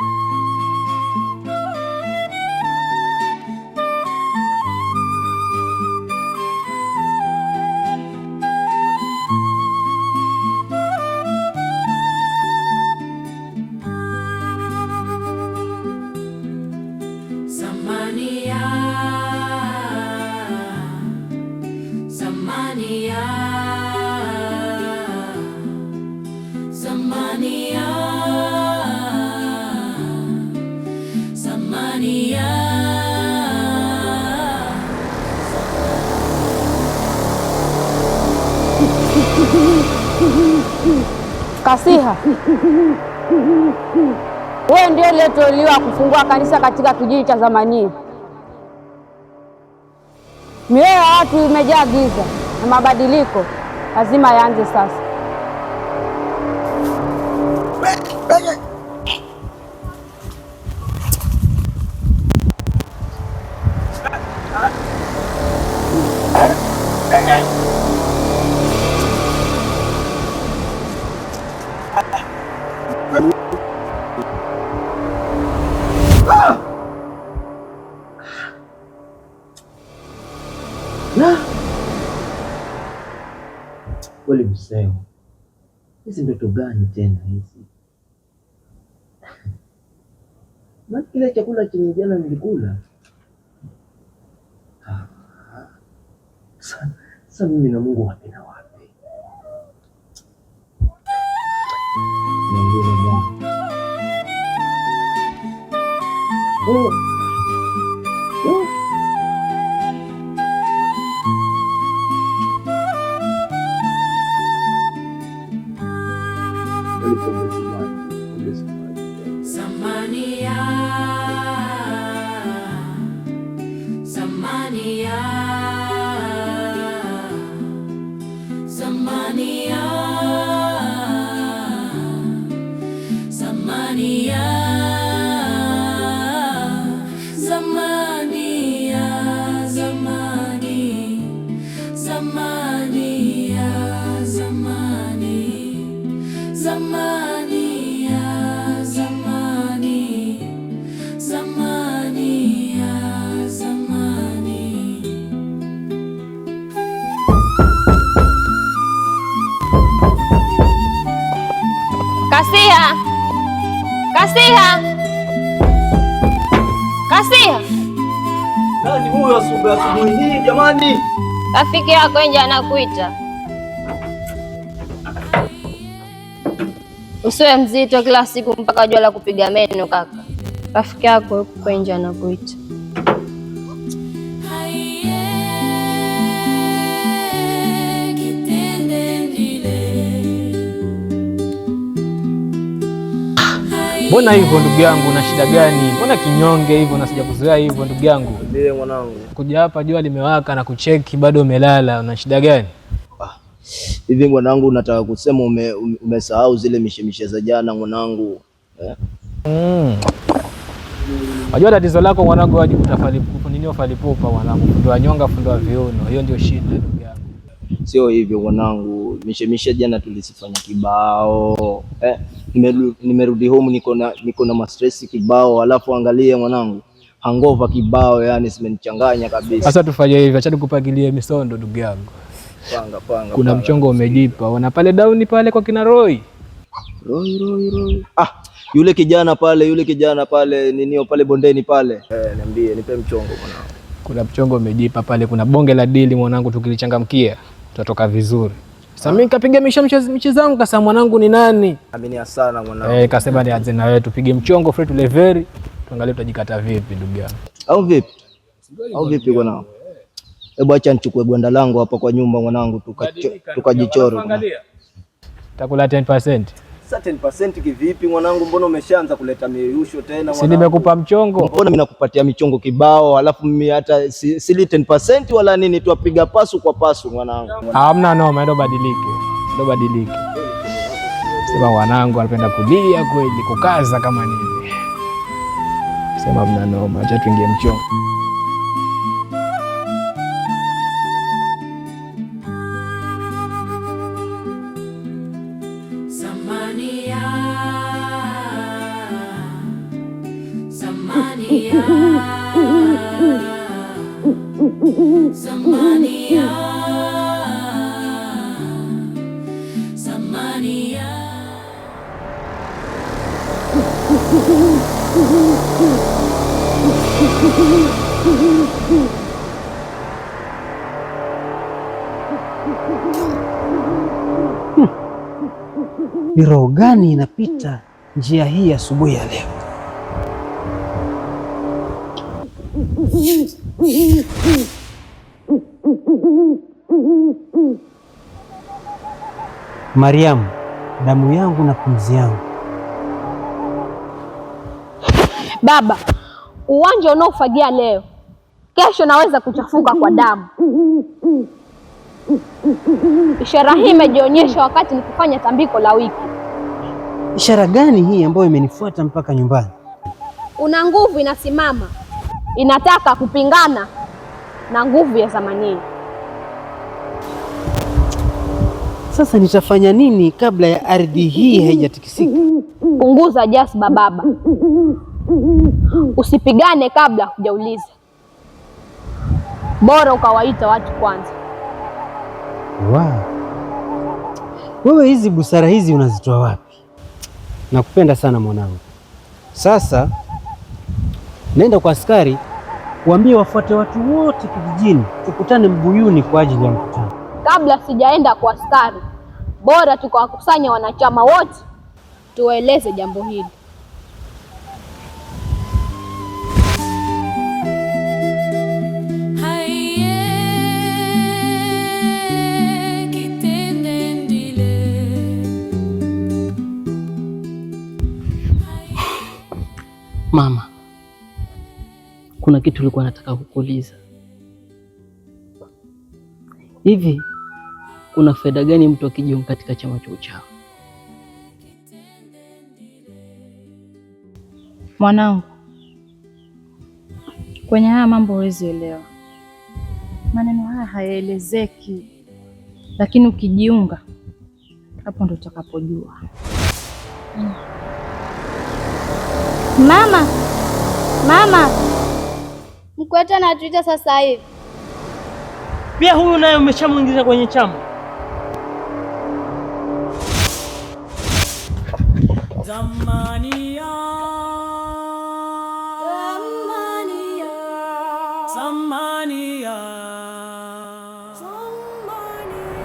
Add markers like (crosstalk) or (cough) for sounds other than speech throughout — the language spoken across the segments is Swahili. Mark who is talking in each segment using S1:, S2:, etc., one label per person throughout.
S1: Música Tanzania. Kasiha, wewe ndio aliyeteuliwa kufungua kanisa katika kijiji cha Zamani. Mioyo ya watu imejaa giza na mabadiliko lazima yaanze sasa. Kweli mseo, hizi ndoto gani tena hizi? (laughs) Maana kile chakula chenye jana nilikula Saan mo minamunguha pinawate? Nangguha mo. Oh! neon.
S2: Kasiha, Kasiha, Kasiha,
S3: nani huyo asubuhi hii jamani?
S2: Rafiki yako nje anakuita. Usiwe mzito kila siku mpaka jua la kupiga meno kaka. Rafiki yako huko nje anakuita.
S4: Mbona hivyo ndugu yangu, na shida gani? Mbona kinyonge hivyo na sijakuzoea hivyo ndugu yangu?
S3: Ndiye mwanangu,
S4: kuja hapa jua limewaka na kucheki bado umelala, una shida gani? Ah,
S3: hivi mwanangu, nataka kusema ume, umesahau zile mishemishe za jana mwanangu, eh? Mm.
S4: Wajua tatizo lako mwanangu, waji kutafalipu nini, ufalipupa mwanangu, fundo wa nyonga, fundo wa viuno, hiyo ndio shida.
S3: Sio hivyo mwanangu, mishemishe jana tulisifanya kibao eh, nimerudi, nimerudi home niko na niko na stress kibao, alafu angalia mwanangu hangova kibao, yani simenichanganya kabisa.
S4: Sasa tufanye hivi, acha nikupangilie misondo ndugu yangu. Panga, panga, kuna panga, mchongo umejipa wana pale down pale kwa kina Roy.
S3: Roy, Roy, Roy. Ah, yule kijana pale yule kijana pale ninio pale bondeni pale eh, niambie nipe mchongo mwanangu.
S4: Kuna mchongo umejipa pale, kuna bonge la dili mwanangu, tukilichangamkia tutatoka vizuri. Sasa ah. mimi nikapiga misha mchezo wangu kasa mwanangu ni nani?
S3: Amini sana mwanangu.
S4: Eh, kasema ni azina wewe tupige mchongo free to level, tuangalie tutajikata vipi ndugu yangu.
S3: Au vipi? Au vipi bwana? Hebu acha nichukue gwanda langu hapa kwa nyumba mwanangu, tukajichoro. Tukajichoro.
S4: Takuleta 10%
S3: certain percent kivipi mwanangu? Mbona umeshaanza kuleta miyusho tena?
S4: Si nimekupa mchongo?
S3: Mbona mimi nakupatia michongo kibao, alafu mimi hata si, si 10% wala nini, twapiga pasu kwa pasu mwanangu.
S4: Hamna noma, ndo badilike, ndo badilike. Sema mwanangu anapenda kulia kweli, kukaza kama nini. Sema mna noma, acha tuingie mchongo. Ni roho gani inapita njia hii asubuhi ya leo? Mariamu, damu yangu na pumzi yangu.
S2: Baba, uwanja unaofagia leo, kesho naweza kuchafuka kwa damu. Ishara hii imejionyesha wakati nikifanya tambiko la wiki.
S4: Ishara gani hii ambayo imenifuata mpaka nyumbani?
S2: Una nguvu inasimama, inataka kupingana na nguvu ya zamani.
S4: Sasa nitafanya nini kabla ya ardhi hii haijatikisika?
S2: Punguza jazba baba, usipigane kabla hujauliza. Bora ukawaita watu kwanza.
S4: Wow. Wewe hizi busara hizi unazitoa wapi? Nakupenda sana mwanangu. Sasa nenda kwa askari uambie wafuate watu wote kijijini, tukutane Mbuyuni kwa ajili ya mkutano.
S2: Kabla sijaenda kwa askari, bora tukawakusanya wanachama wote tuwaeleze jambo hili.
S4: kuna kitu ulikuwa nataka kukuuliza. Hivi kuna faida gani mtu akijiunga katika chama cha uchawi?
S5: Mwanangu, kwenye haya mambo huwezi elewa, maneno haya hayaelezeki, lakini ukijiunga hapo ndo utakapojua. Hmm.
S2: Mama, mama Mkwete na Twitter sasa hivi.
S4: Pia huyu naye umeshamwingiza kwenye chama. Zamania. Zamania. Zamania.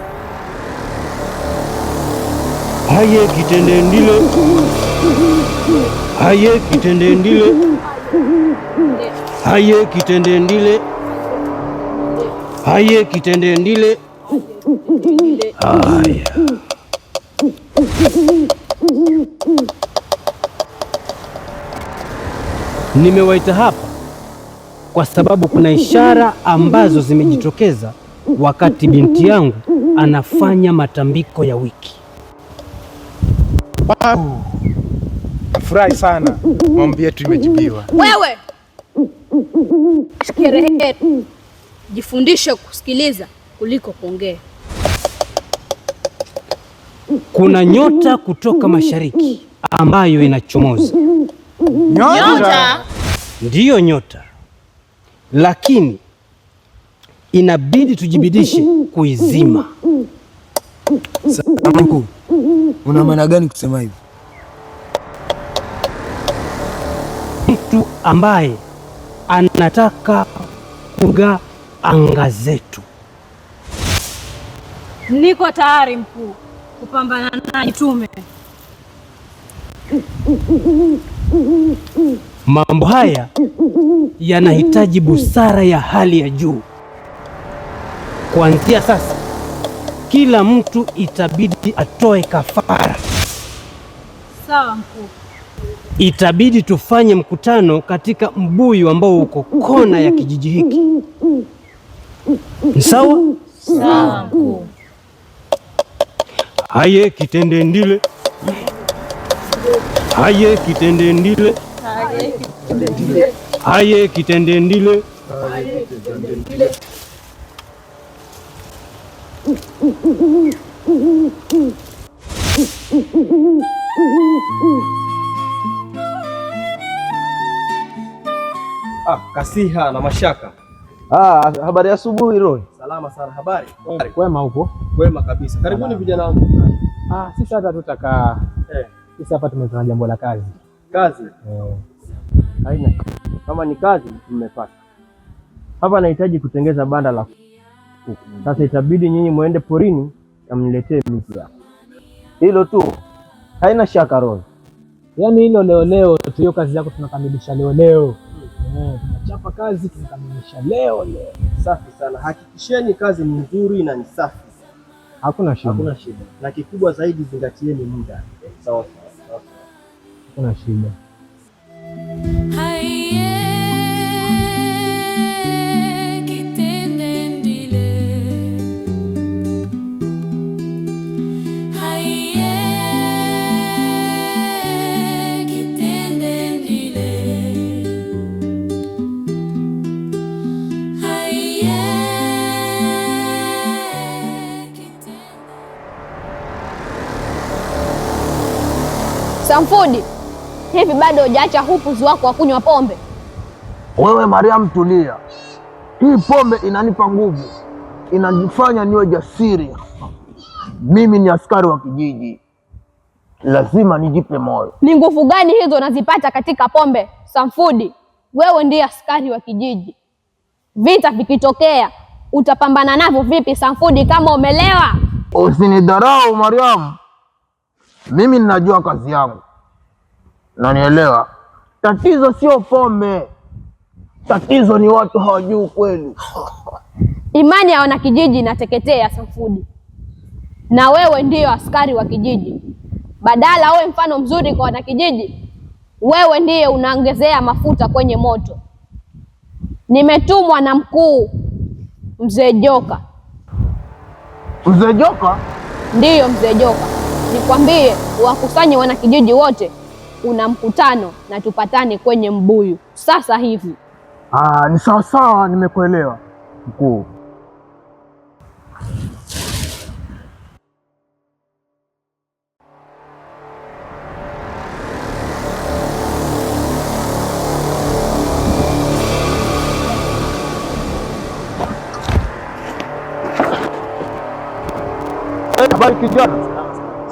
S4: Haye kitende ndilo. Haye kitende ndilo haye kitende ndile haye kitende ndile haya nimewaita hapa kwa sababu kuna ishara ambazo zimejitokeza wakati binti yangu anafanya matambiko ya wiki.
S6: Babu, nafurahi sana, maombi yetu imejibiwa.
S2: Wewe Kereke, mm. jifundishe kusikiliza kuliko kuongea.
S4: Kuna nyota kutoka mashariki ambayo inachomoza.
S2: Nyota
S4: ndiyo nyota, lakini inabidi tujibidishe kuizima.
S6: Sababu una maana gani kusema hivyo?
S4: Mtu ambaye anataka kuga anga zetu.
S2: Niko tayari mkuu, kupambana naye tume.
S4: Mambo haya yanahitaji busara ya hali ya juu. Kuanzia sasa, kila mtu itabidi atoe kafara.
S2: Sawa mkuu
S4: itabidi tufanye mkutano katika mbuyu ambao uko kona ya kijiji hiki. Sawa?
S2: Sawa.
S4: Haye kitende ndile. Haye kitende ndile. Haye kitende ndile.
S7: Ah, Kasiha na Mashaka.
S8: Ah, habari asubuhi Roy.
S7: Salama sana, habari? Kwema huko? Kwema kabisa. Karibuni vijana wangu.
S8: Ah, sisi hata tutakaa. Eh. Sisi hapa tumetoka jambo la kazi.
S7: Kazi? Eh.
S8: Haina. Kama ni kazi mmepata. Hapa nahitaji kutengeza banda la kuku. Sasa itabidi nyinyi muende porini amniletee miti Hilo tu. Haina shaka Roy. Yaani hilo leo leo, tuyo kazi yako tunakamilisha leo leo. Hapa kazi tunakamilisha leo leo.
S7: Safi sana, hakikisheni kazi ni nzuri na ni safi, hakuna shida, hakuna shida. Na kikubwa zaidi zingatieni muda. Sawa sawa,
S8: hakuna shida.
S2: Samfudi, hivi bado hujaacha hupuzi wako wa kunywa pombe?
S9: Wewe Mariam, tulia. Hii pombe inanipa nguvu, inanifanya niwe jasiri. Mimi ni askari wa kijiji, lazima nijipe moyo.
S2: Ni nguvu gani hizo unazipata katika pombe? Samfudi, wewe ndiye askari wa kijiji, vita vikitokea utapambana navyo vipi? Samfudi, kama umelewa.
S9: Usinidharau Mariam. Mimi ninajua kazi yangu, nanielewa. Tatizo sio pombe, tatizo ni watu hawajui ukweli.
S2: Imani ya wana kijiji inateketea Safudi, na wewe ndiyo askari wa kijiji. Badala uwe mfano mzuri kwa wanakijiji, wewe ndiye unaongezea mafuta kwenye moto. Nimetumwa na mkuu mzee Joka.
S9: Mzee Joka?
S2: Ndiyo, mzee Joka nikwambie wakusanye wanakijiji wote, kuna mkutano na tupatane kwenye mbuyu sasa hivi.
S9: Aa, ah, ni sawa sawa, nimekuelewa mkuu.
S10: Habari kijana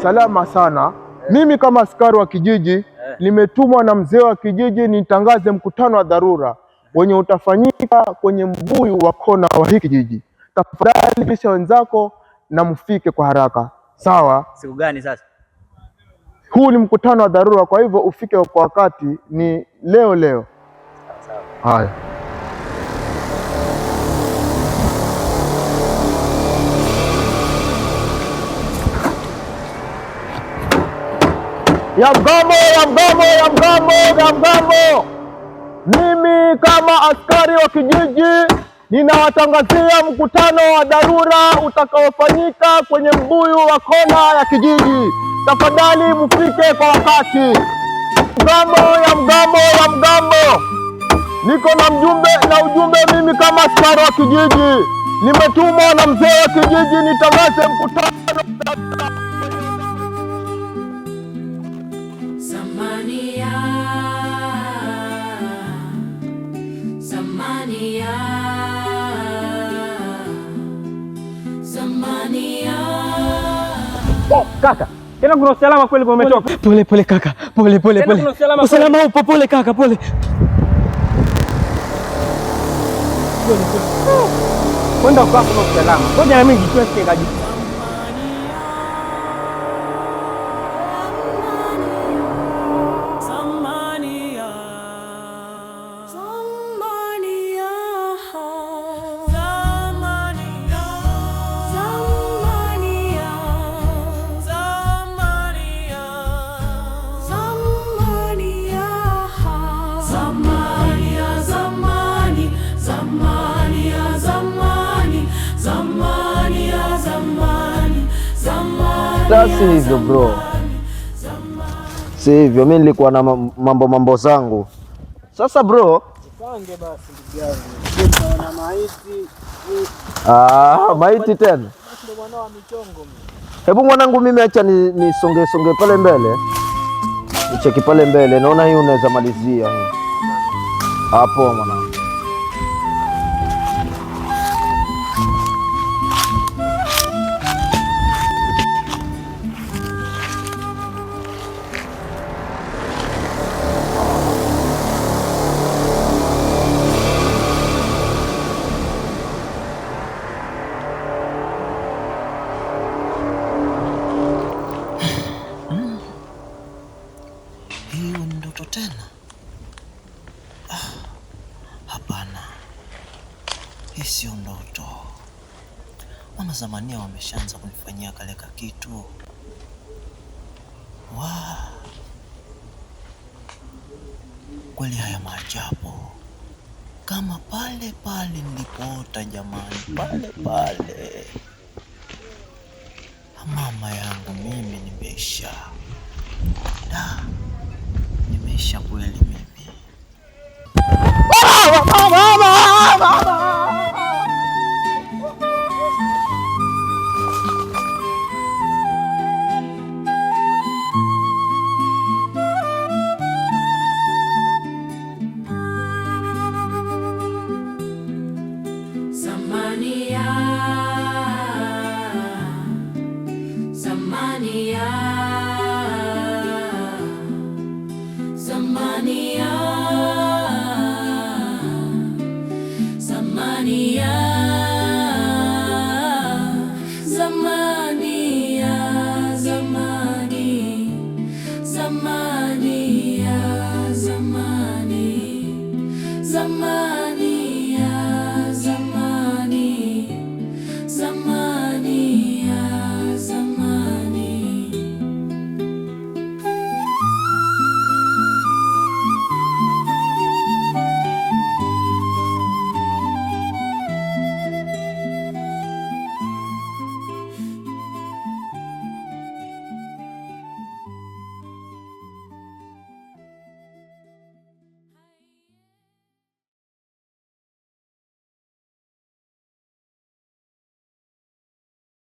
S10: salama sana. Eh. Mimi kama askari wa kijiji eh. nimetumwa na mzee wa kijiji nitangaze mkutano wa dharura eh. wenye utafanyika kwenye mbuyu wa kona wa hiki kijiji. Tafadhali pisha wenzako na mfike kwa haraka. Sawa.
S8: Siku gani sasa?
S10: Huu ni mkutano wa dharura, kwa hivyo ufike kwa wakati, ni leo leo. Sawa. Haya. ya mgambo ya mgambo ya mgambo ya mgambo. Mimi kama askari wa kijiji ninawatangazia mkutano wa dharura utakaofanyika kwenye mbuyu wa kona ya kijiji. Tafadhali mfike kwa wakati. Mgambo ya mgambo ya mgambo. Niko na mjumbe na ujumbe. Mimi kama askari wa kijiji nimetumwa na mzee wa kijiji nitangaze mkutano
S11: Oh, kaka. Tena kuna usalama kweli umetoka. Pole pole kaka. Pole pole pole. Usalama upo pole kaka, pole. Kwenda kwa kuna na usalama. Ngoja na mimi jikweke kaji.
S8: basi hivyo bro, si hivyo. Mi nilikuwa na mambo mambo zangu sasa bro. Ah, maiti tena. Hebu mwanangu, mimi acha nisonge songe pale mbele, nicheki pale mbele. Naona hii unaweza malizia hapo mwanangu.
S4: kumfanyia kale ka kitu wa kweli. Haya maajabu kama pale pale nilipoota jamani, pale pale. Mama yangu mimi nimesha da, nimesha kweli mimi.